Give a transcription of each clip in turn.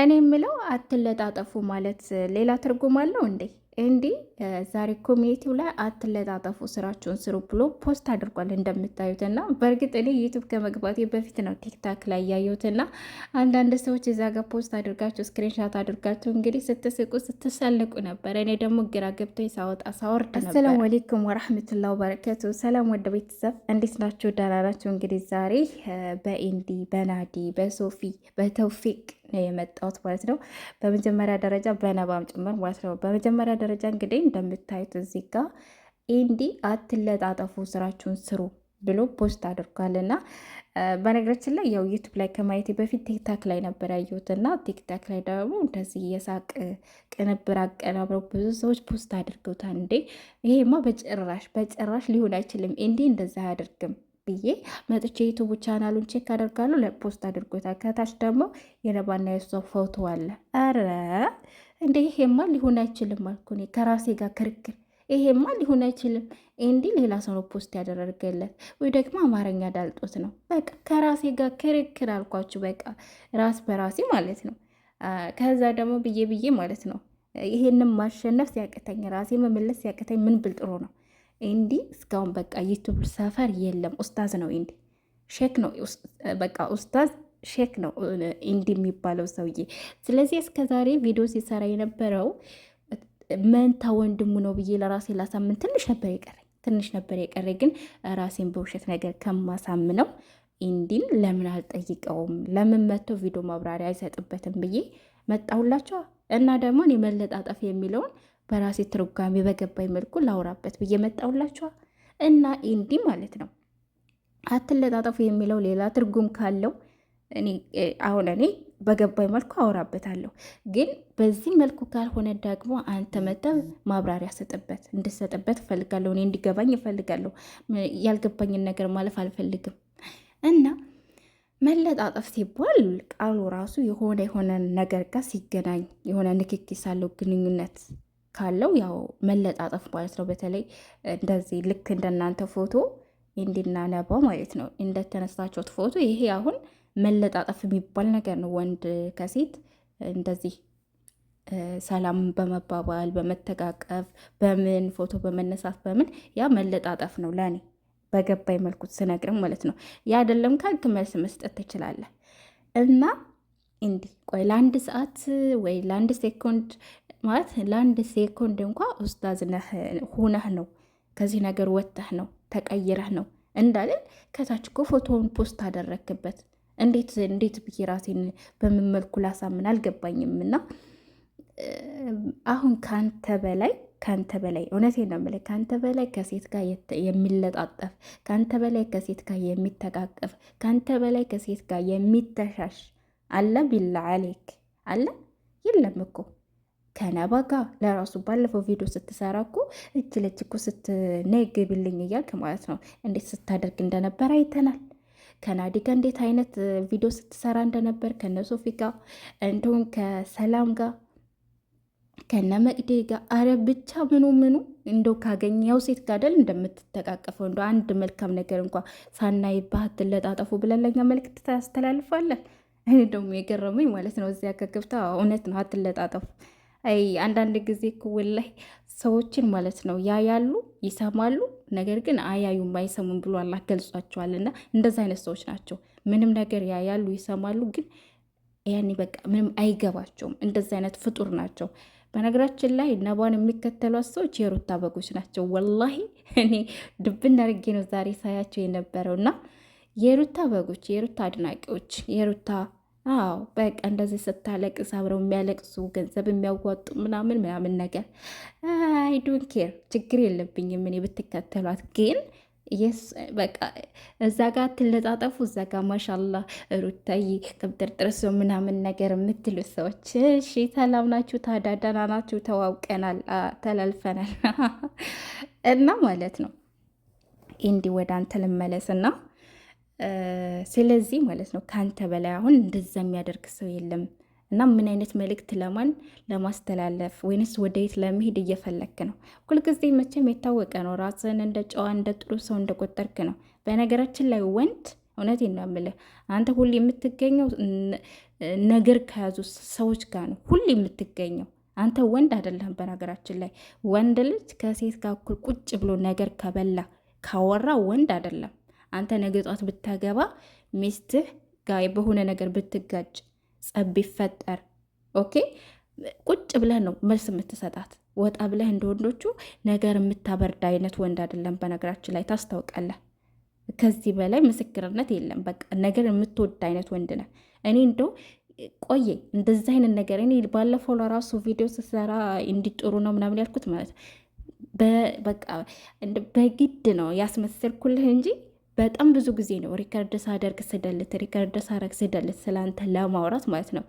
እኔ የምለው አትለጣጠፉ ማለት ሌላ ትርጉም አለው እንዴ? እንዲህ ዛሬ ኮሚኒቲው ላይ አትለጣጠፉ ስራቸውን ስሩ ብሎ ፖስት አድርጓል እንደምታዩትና፣ በእርግጥ እኔ ዩቱብ ከመግባቴ በፊት ነው ቲክታክ ላይ ያየሁትና አንዳንድ ሰዎች እዛ ጋር ፖስት አድርጋችሁ ስክሪንሻት አድርጋችሁ እንግዲህ ስትስቁ ስትሰልቁ ነበር። እኔ ደግሞ ግራ ገብቶ ሳወጣ ሳወርድ ነበር። አሰላሙ አሌይኩም ወራህመቱላ ወበረከቱ። ሰላም ወደ ቤተሰብ እንዴት ናችሁ? ደህና ናችሁ? እንግዲህ ዛሬ በኢንዲ በናዲ በሶፊ በተውፊቅ ነው የመጣሁት ማለት ነው። በመጀመሪያ ደረጃ በነባም ጭምር ማለት ነው። በመጀመሪያ ደረጃ እንግዲህ እንደምታዩት እዚህ ጋር ኢንዲ አትለጣጠፉ፣ ስራችሁን ስሩ ብሎ ፖስት አድርጓል እና በነገራችን ላይ ያው ዩቱብ ላይ ከማየቴ በፊት ቲክታክ ላይ ነበር ያየሁት እና ቲክታክ ላይ ደግሞ እንደዚህ የሳቅ ቅንብር አቀናብረው ብዙ ሰዎች ፖስት አድርገውታል። እንዴ ይሄማ በጭራሽ በጭራሽ ሊሆን አይችልም፣ እንዲህ እንደዚህ አያደርግም ብዬ መጥቼ ዩቱብ ቻናሉን ቼክ አደርጋለሁ። ለፖስት አድርጎታል። ከታች ደግሞ የነባና የሷ ፎቶ አለ። ኧረ እንደ ይሄማ ሊሆን አይችልም አልኩ እኔ ከራሴ ጋር ክርክር። ይሄማ ሊሆን አይችልም እንዲ ሌላ ሰው ነው ፖስት ያደረገለት ወይ ደግሞ አማርኛ ዳልጦት ነው። በቃ ከራሴ ጋር ክርክር አልኳችሁ። በቃ ራስ በራሴ ማለት ነው። ከዛ ደግሞ ብዬ ብዬ ማለት ነው ይሄንም ማሸነፍ ሲያቅተኝ ራሴ መመለስ ሲያቅተኝ ምን ብል ጥሩ ነው እንዲ እስካሁን በቃ ዩቱብ ሰፈር የለም። ኡስታዝ ነው እንዲ ሼክ ነው በቃ ኡስታዝ ሼክ ነው እንዲ የሚባለው ሰውዬ። ስለዚህ እስከ ዛሬ ቪዲዮ ሲሰራ የነበረው መንታ ወንድሙ ነው ብዬ ለራሴ ላሳምን ትንሽ ነበር የቀረ ትንሽ ነበር የቀረ ግን ራሴን በውሸት ነገር ከማሳምነው እንዲን ለምን አልጠይቀውም? ለምን መጥቶ ቪዲዮ ማብራሪያ አይሰጥበትም ብዬ መጣሁላቸዋ እና ደግሞ እኔ መለጣጠፍ የሚለውን በራሴ ትርጓሜ በገባኝ መልኩ ላውራበት ብዬ መጣሁላችኋ እና ኢንዲ ማለት ነው አትለጣጠፉ የሚለው ሌላ ትርጉም ካለው አሁን እኔ በገባኝ መልኩ አወራበታለሁ። ግን በዚህ መልኩ ካልሆነ ደግሞ አንተ መጠብ ማብራሪያ ሰጥበት እንድሰጥበት እፈልጋለሁ። እኔ እንዲገባኝ እፈልጋለሁ። ያልገባኝን ነገር ማለፍ አልፈልግም እና መለጣጠፍ ሲባል ቃሉ ራሱ የሆነ የሆነ ነገር ጋር ሲገናኝ የሆነ ንክኪ ሳለው ግንኙነት ካለው ያው መለጣጠፍ ማለት ነው። በተለይ እንደዚህ ልክ እንደናንተ ፎቶ እንዲናነባ ማለት ነው እንደተነሳችሁት ፎቶ። ይሄ አሁን መለጣጠፍ የሚባል ነገር ነው። ወንድ ከሴት እንደዚህ ሰላም በመባባል በመተቃቀፍ በምን ፎቶ በመነሳት በምን ያ መለጣጠፍ ነው ለእኔ በገባይ መልኩ ስነግርም ማለት ነው። ያ አይደለም ካልክ መልስ መስጠት ትችላለህ እና እንዲህ ቆይ ለአንድ ሰዓት ወይ ለአንድ ሴኮንድ ማለት ለአንድ ሴኮንድ እንኳ ኡስታዝ ሁነህ ነው ከዚህ ነገር ወጥተህ ነው ተቀይረህ ነው እንዳልን ከታች እኮ ፎቶውን ፖስት አደረክበት። እንዴት እንዴት ብዬ ራሴን በምን መልኩ ላሳምን አልገባኝም። እና አሁን ከአንተ በላይ ከአንተ በላይ እውነቴን ነው የምልህ ከአንተ በላይ ከሴት ጋር የሚለጣጠፍ ከአንተ በላይ ከሴት ጋር የሚተቃቀፍ ከአንተ በላይ ከሴት ጋር የሚተሻሽ አለ ቢላ አሌክ አለ የለም እኮ ከነባ ጋር ለራሱ ባለፈው ቪዲዮ ስትሰራ እኮ እጅ ለእጅ እኮ ስትነግብልኝ እያልክ ማለት ነው እንዴት ስታደርግ እንደነበር አይተናል። ከናዲ ጋር እንዴት አይነት ቪዲዮ ስትሰራ እንደነበር ከነሶፊ ጋር እንዲሁም ከሰላም ጋር ከነ መቅዴ ጋር አረ ብቻ ምኑ ምኑ እንደው ካገኘው ሴት ጋር አይደል እንደምትተቃቀፈው እንደ አንድ መልካም ነገር እንኳ ሳናይባህ ትለጣጠፉ ብለን ለኛ መልክት ታስተላልፋለን። እኔ ደግሞ የገረመኝ ማለት ነው እዚያ ከገብታ እውነት ነው አትለጣጠፉ አንዳንድ ጊዜ ክውል ላይ ሰዎችን ማለት ነው ያያሉ፣ ይሰማሉ፣ ነገር ግን አያዩም አይሰሙም ብሎ አላህ ገልጿቸዋል። እና እንደዚ አይነት ሰዎች ናቸው። ምንም ነገር ያያሉ፣ ይሰማሉ፣ ግን ያኔ በቃ ምንም አይገባቸውም። እንደዚ አይነት ፍጡር ናቸው። በነገራችን ላይ ነባን የሚከተሏት ሰዎች የሩታ በጎች ናቸው። ወላሂ እኔ ድብና ርጌ ነው ዛሬ ሳያቸው የነበረው እና የሩታ በጎች፣ የሩታ አድናቂዎች፣ የሩታ አዎ በቃ እንደዚህ ስታለቅስ አብረው የሚያለቅሱ ገንዘብ የሚያዋጡ ምናምን ምናምን ነገር አይ ዶን ኬር ችግር የለብኝም እኔ ብትከተሏት ግን የስ በቃ እዛ ጋ ትለጣጠፉ እዛ ጋ ማሻላ ሩታይ ቅብጥር ምናምን ነገር የምትሉ ሰዎች እሺ፣ ሰላም ናችሁ? ታዲያ ደህና ናችሁ? ተዋውቀናል፣ ተላልፈናል እና ማለት ነው። እንዲህ ወደ አንተ ልመለስና ስለዚህ ማለት ነው ከአንተ በላይ አሁን እንደዛ የሚያደርግ ሰው የለም። እና ምን አይነት መልእክት ለማን ለማስተላለፍ ወይንስ ወደየት ለመሄድ እየፈለክ ነው? ሁልጊዜ መቼም የታወቀ ነው ራስን እንደ ጨዋ እንደ ጥሩ ሰው እንደቆጠርክ ነው። በነገራችን ላይ ወንድ እውነት የምልህ አንተ ሁሌ የምትገኘው ነገር ከያዙ ሰዎች ጋር ነው ሁሌ የምትገኘው። አንተ ወንድ አይደለም። በነገራችን ላይ ወንድ ልጅ ከሴት ጋር እኩል ቁጭ ብሎ ነገር ከበላ ካወራ ወንድ አይደለም። አንተ ነገ ጧት ብታገባ ሚስትህ ጋር በሆነ ነገር ብትጋጭ፣ ጸብ ቢፈጠር፣ ኦኬ ቁጭ ብለህ ነው መልስ የምትሰጣት። ወጣ ብለህ እንደ ወንዶቹ ነገር የምታበርድ አይነት ወንድ አይደለም። በነገራችን ላይ ታስታውቃለህ። ከዚህ በላይ ምስክርነት የለም። በቃ ነገር የምትወድ አይነት ወንድ ነህ። እኔ እንደው ቆየ እንደዚህ አይነት ነገር እኔ ባለፈው ለራሱ ቪዲዮ ስሰራ እንዲጥሩ ነው ምናምን ያልኩት ማለት በቃ በግድ ነው ያስመሰልኩልህ እንጂ በጣም ብዙ ጊዜ ነው ሪከርድ ሳደርግ ስደልት ሪከርድ ሳረግ ስደልት ስለአንተ ለማውራት ማለት ነው።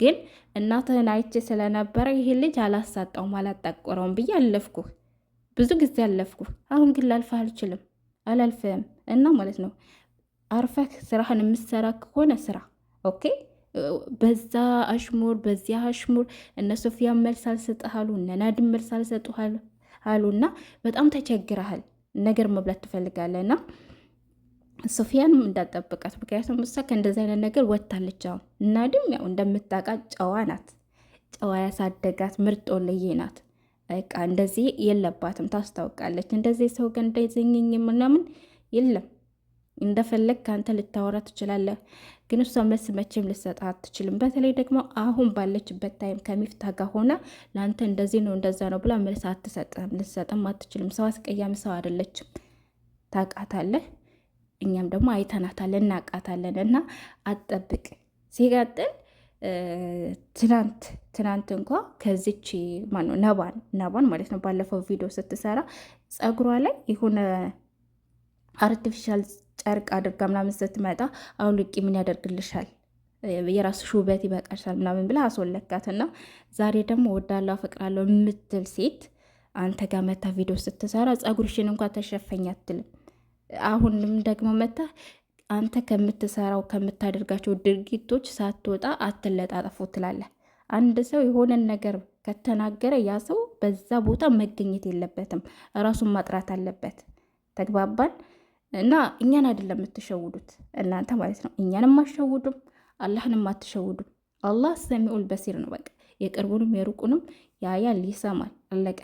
ግን እናትህን አይቼ ስለነበረ ይህ ልጅ አላሳጣውም አላጠቆረውም ብዬ አለፍኩ፣ ብዙ ጊዜ አለፍኩ። አሁን ግን ላልፈህ አልችልም፣ አላልፍም እና ማለት ነው አርፈህ ስራህን የምትሰራ ከሆነ ስራ ኦኬ። በዛ አሽሙር በዚያ አሽሙር እነ ሶፊያ መልስ አልሰጥሃሉ፣ እነ ናድም መልስ አልሰጡሃሉ እና በጣም ተቸግረሃል። ነገር መብላት ትፈልጋለህ እና ሶፊያንም እንዳጠበቃት ምክንያቱም እሷ ከእንደዚህ አይነት ነገር ወጥታለች። አሁን ድም ያው እንደምታውቃት ጨዋ ናት። ጨዋ ያሳደጋት ምርጦ ልዬ ናት። በቃ እንደዚህ የለባትም ታስታውቃለች። እንደዚህ ሰው ጋር እንዳይዘኝኝ ምናምን የለም። እንደፈለግ ከአንተ ልታወራ ትችላለህ፣ ግን እሷ መልስ መቼም ልሰጣ አትችልም። በተለይ ደግሞ አሁን ባለችበት ታይም ከሚፍታ ጋር ሆና ለአንተ እንደዚህ ነው እንደዛ ነው ብላ መልስ አትሰጥም፣ ልሰጥም አትችልም። ሰው አስቀያሚ ሰው አይደለችም። ታውቃታለህ። እኛም ደግሞ አይተናታል እናቃታለን። እና አጠብቅ ሲቀጥል ትናንት ትናንት እንኳ ከዚች ማነው ነባን ነባን ማለት ነው ባለፈው ቪዲዮ ስትሰራ ጸጉሯ ላይ የሆነ አርቲፊሻል ጨርቅ አድርጋ ምናምን ስትመጣ አውልቂ፣ ምን ያደርግልሻል የራስሽ ውበት ይበቃሻል ምናምን ብላ አስወለካትና ዛሬ ደግሞ ወዳለው አፈቅራለሁ የምትል ሴት አንተ ጋር መታ ቪዲዮ ስትሰራ ጸጉርሽን እንኳ ተሸፈኝ አትልም። አሁንም ደግሞ መታ አንተ ከምትሰራው ከምታደርጋቸው ድርጊቶች ሳትወጣ አትለጣጠፉ ትላለህ። አንድ ሰው የሆነን ነገር ከተናገረ ያ ሰው በዛ ቦታ መገኘት የለበትም፣ ራሱን ማጥራት አለበት። ተግባባን እና እኛን አይደለም የምትሸውዱት እናንተ ማለት ነው። እኛንም አሸውዱም፣ አላህንም አትሸውዱም። አላህ ሰሚኡል በሲር ነው። በቃ የቅርቡንም የሩቁንም ያያል፣ ይሰማል። አለቀ።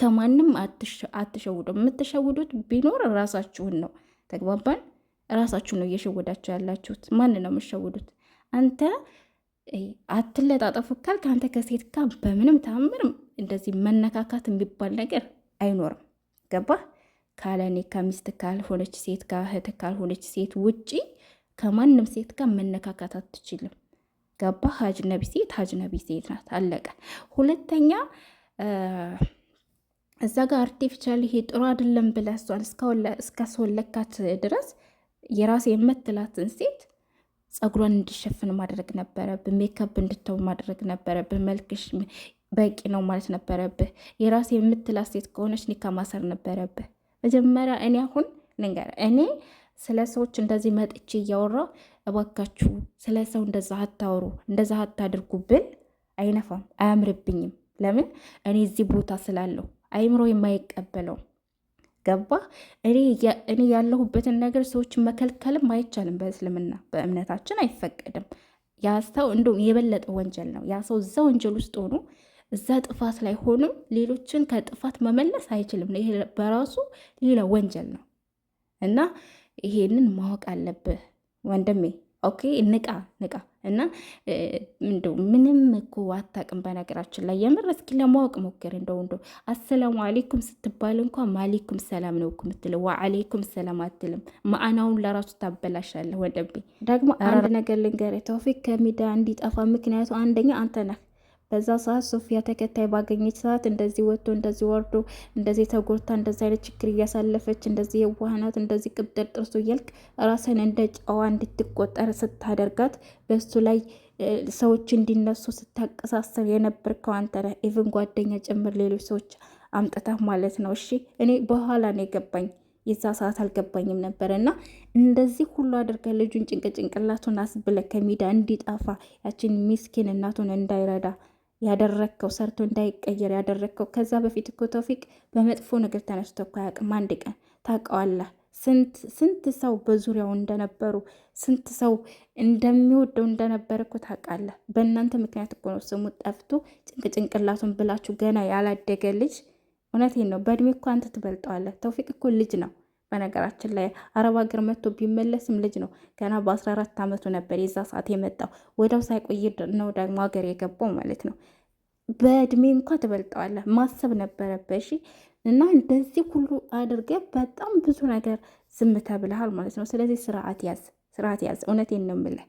ከማንም አትሸውዱ። የምትሸውዱት ቢኖር ራሳችሁን ነው። ተግባባን። ራሳችሁን ነው እየሸወዳችሁ ያላችሁት። ማን ነው የምትሸውዱት? አንተ አትለጣጠፉ ካል ከአንተ ከሴት ካ በምንም ታምር እንደዚህ መነካካት የሚባል ነገር አይኖርም። ገባ ካለኔ ከሚስት ካልሆነች ሴት ጋር እህት ካልሆነች ሴት ውጪ ከማንም ሴት ጋር መነካካት አትችልም። ገባ ሀጅነቢ ሴት ሀጅነቢ ሴት ናት። አለቀ። ሁለተኛ እዛ ጋር አርቲፊሻል ይሄ ጥሩ አይደለም ብላ እሷን እስካስወለካት ድረስ የራሴ የምትላትን ሴት ጸጉሯን እንዲሸፍን ማድረግ ነበረብህ። ሜካፕ እንድተው ማድረግ ነበረብህ። መልክሽ በቂ ነው ማለት ነበረብህ። የራሴ የምትላት ሴት ከሆነች ኒካ ማሰር ነበረብህ። መጀመሪያ እኔ አሁን ልንገር፣ እኔ ስለ ሰዎች እንደዚህ መጥቼ እያወራ እባካችሁ ስለ ሰው እንደዛ አታወሩ፣ እንደዛ አታድርጉብን። ብል አይነፋም፣ አያምርብኝም። ለምን እኔ እዚህ ቦታ ስላለሁ አይምሮ የማይቀበለው ገባ። እኔ ያለሁበትን ነገር ሰዎችን መከልከልም አይቻልም። በእስልምና በእምነታችን አይፈቀድም። ያ ሰው እንደውም የበለጠ ወንጀል ነው። ያ ሰው እዛ ወንጀል ውስጥ ሆኖ እዛ ጥፋት ላይ ሆኖም ሌሎችን ከጥፋት መመለስ አይችልም። ይሄ በራሱ ሌላ ወንጀል ነው እና ይሄንን ማወቅ አለብህ ወንድሜ። ኦኬ፣ ንቃ ንቃ። እና እንደው ምንም እኮ አታውቅም። በነገራችን ላይ የምር እስኪ ለማወቅ ሞክር። እንደው እንደው አሰላሙ አሌይኩም ስትባል እንኳ ማሌይኩም ሰላም ነው እኮ የምትለው፣ ዋአሌይኩም ሰላም አትልም። ማዕናውን ለራሱ ታበላሻለህ። ወደቤ ደግሞ አንድ ነገር ልንገር፣ ተውፊቅ ከሚዲያ እንዲጠፋ ምክንያቱ አንደኛ አንተ ነህ። በዛ ሰዓት ሶፊያ ተከታይ ባገኘች ሰዓት እንደዚህ ወጥቶ እንደዚህ ወርዶ እንደዚህ ተጎድታ እንደዚህ አይነት ችግር እያሳለፈች እንደዚህ የዋህናት እንደዚህ ቅብጠል ጥርሶ እያልክ ራስን እንደ ጨዋ እንድትቆጠር ስታደርጋት በሱ ላይ ሰዎች እንዲነሱ ስታቀሳሰር የነበርከው አንተ ነህ። ኢቭን ጓደኛ ጭምር ሌሎች ሰዎች አምጥታ ማለት ነው። እሺ እኔ በኋላ ነው የገባኝ የዛ ሰዓት አልገባኝም ነበር። እና እንደዚህ ሁሉ አድርገ ልጁን ጭንቅ ጭንቅላቱን አስብለ ከሜዳ እንዲጠፋ ያችን ሚስኪን እናቱን እንዳይረዳ ያደረግከው ሰርቶ እንዳይቀየር ያደረግከው። ከዛ በፊት እኮ ተውፊቅ በመጥፎ ነገር ተነስቶ እኮ አያውቅም። አንድ ቀን ታውቀዋለህ። ስንት ሰው በዙሪያው እንደነበሩ ስንት ሰው እንደሚወደው እንደነበር እኮ ታውቃለህ። በእናንተ ምክንያት እኮ ነው ስሙ ጠፍቶ ጭንቅላቱን ብላችሁ ገና ያላደገ ልጅ። እውነቴን ነው። በእድሜ እኮ አንተ ትበልጠዋለህ። ተውፊቅ እኮ ልጅ ነው። በነገራችን ላይ አረብ ሀገር መጥቶ ቢመለስም ልጅ ነው። ገና በ14 ዓመቱ ነበር የዛ ሰዓት የመጣው። ወደው ሳይቆይ ነው ደግሞ ሀገር የገባው ማለት ነው። በእድሜ እንኳ ትበልጠዋለህ ማሰብ ነበረበት። እሺ እና እንደዚህ ሁሉ አድርገህ በጣም ብዙ ነገር ዝም ተብለሃል ማለት ነው። ስለዚህ ስርዓት ያዝ፣ ስርዓት ያዝ። እውነቴን ነው የምልህ